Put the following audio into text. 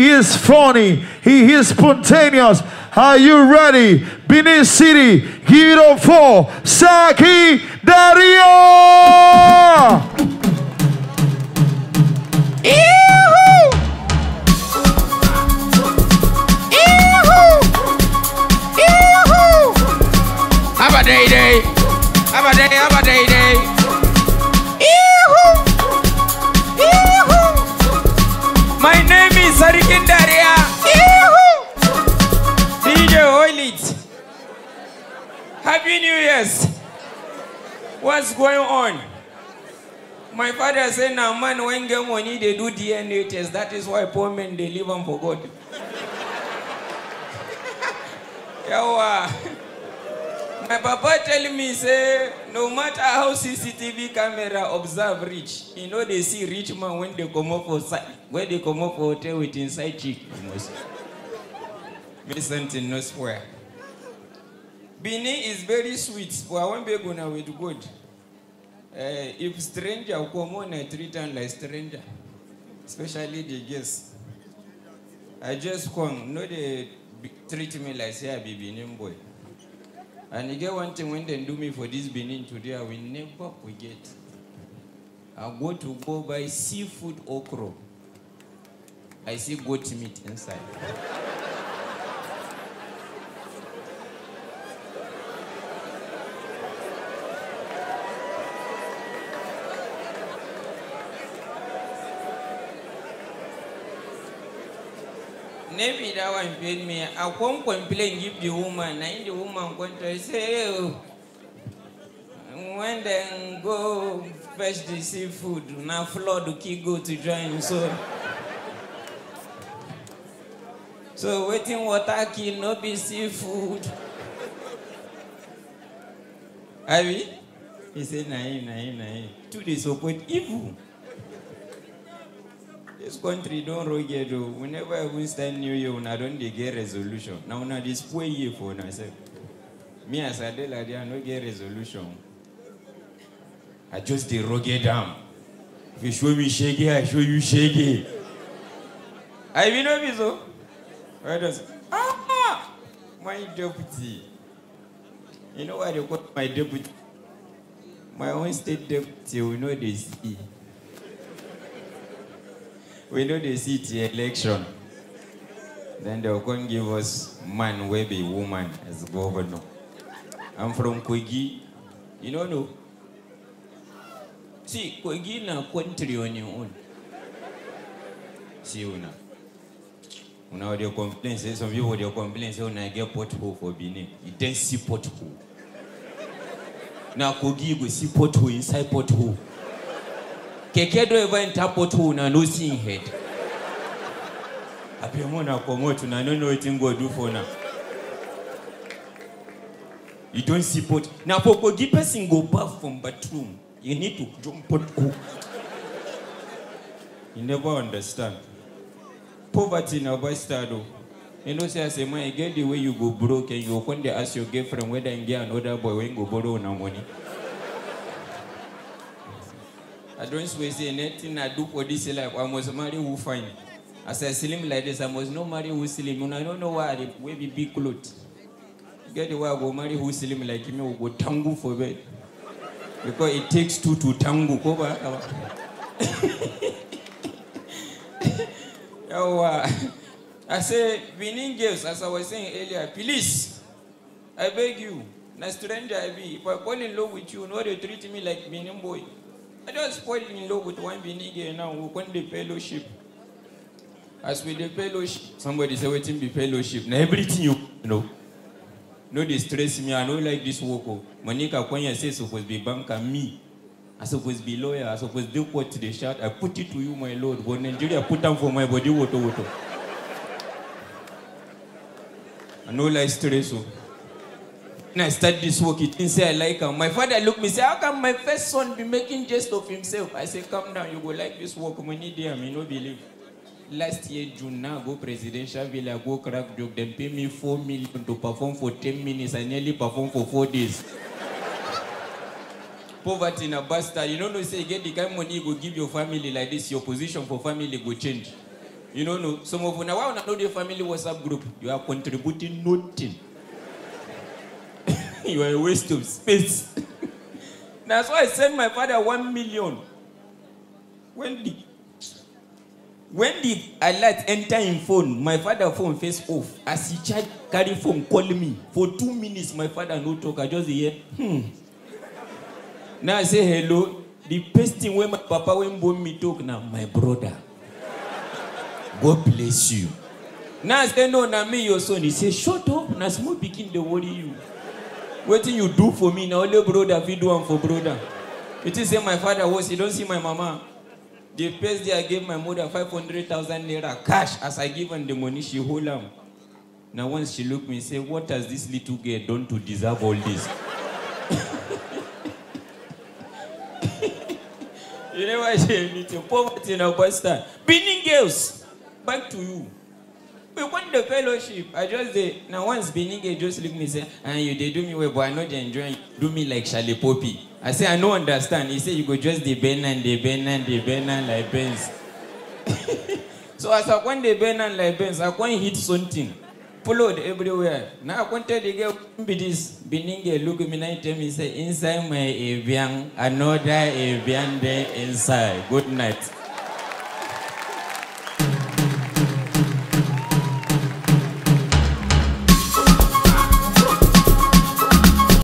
He is funny. He, is spontaneous. Are you ready? Benin City, up for Saki Dario! What's going on? My father said, now man, when get money, they do DNA test. That is why poor men, they live on for God. My papa tell me, say, no matter how CCTV camera observe rich, you know they see rich man when they come up for when they come up for hotel with inside cheek. Make something no swear. Bini is very sweet. I won't be going with good. Eh, if stranger come on, I treat them like stranger, especially the guests. I just come, no they treat me like say I be Benin boy. And you get one thing when they do me for this Benin today, I will never forget. I go to go buy seafood okra. I see goat meat inside. Maybe that one paid me. I won't complain give the woman. I the woman going to say, when they go fetch the seafood, now flood the go to join. So, so waiting water key, no be seafood. Abi, he said, "Nah, nah, nah." Two days, so good evil. This country don't roll get o. Whenever I win start new year, una don dey get resolution. Now una dey spoil year for una sef. Me as Adelade, I no get resolution. I just dey rugged am. If you show me shege, I show you shege. I be no be so. I just ah my deputy. You know why they call my deputy? My own state deputy, we know they see. we do the city election. Then they're going to give us man, will be woman as governor. I'm from Kwegi. You know, no? See, Kogi na country on your own. See, una. Una audio complaints, eh? some people audio complaints, say eh? una get pothole for Benin. You don't see pothole. Now Kwegi, you see pothole inside pothole kekedo event hapo tu una seeing head apemona komoto na nono waiting go do for now you don't see pot na poko di person go bath from bathroom you need to jump pot go you never understand poverty na boy stado oh. you know say as a man you get the way you go broke and you go come ask your girlfriend whether you get another boy when you go borrow una money I don't waste anything I do for this life. I must marry who find. As I slim like this, I must not marry who slim. And I don't know why they wear big clothes. Get the way I go marry who slim like me, we go tango for bed. Because it takes two to tango. Yawa. Uh, I say, winning girls, as I was saying earlier, please, I beg you, na stranger I be, if I fall in love with you, no, they treat me like winning boy. I just fall in love with one Binige now. We can the fellowship. As with the fellowship, somebody say, waiting be fellowship. Now everything you, know. No, they stress me. I don't like this work. Oh. Monica Kwanya says supposed to be banker me. I supposed to be lawyer. I supposed to do what they shout. I put it to you, my lord. But Nigeria put them for my body, water, water. I no like stress. So. Oh. I started this work, it didn't say I like him. My father looked me say, How can my first son be making jest of himself? I say, Calm down, you go like this work. Money there, I you know, believe. Last year, June, now go presidential villa, go crack joke, then pay me 4 million to perform for 10 minutes. I nearly perform for 4 days. Poverty in a bastard. You know no say, get the kind of money you go give your family like this, your position for family go change. You don't know, some of you now, now, know your family WhatsApp group, you are contributing nothing you are a waste of space. That's why I sent my father one million. When did when I let enter in phone, my father phone face off. As he tried carry phone, call me. For two minutes, my father no talk. I just hear, hmm. Now I say hello. The thing when my papa when born me talk now, my brother. God bless you. Now I say no, now me your son. He say, shut up. Now small begin to worry you wetin you do for me na only brother, fit do am for brother. It is say my father He you not see my mama the first day i gave my mother five hundred thousand naira cash as i give am the money she hold on. Now once she look me say what has this little girl done to deserve all this you never say anything poverty na bastard benin girls back to you. We want the fellowship. I just say, now once Benige just look me say, and ah, you they do me well, but I know they enjoy do me like Charlie Poppy. I say, I no understand. He say, you go just the bend and the bend and the bend and like bends. so as I want the bend and like bends, I want hit something. Followed everywhere. Now I want to tell the girl, be this Benige look me night tell me say, inside my avian, another avian there inside. Good night.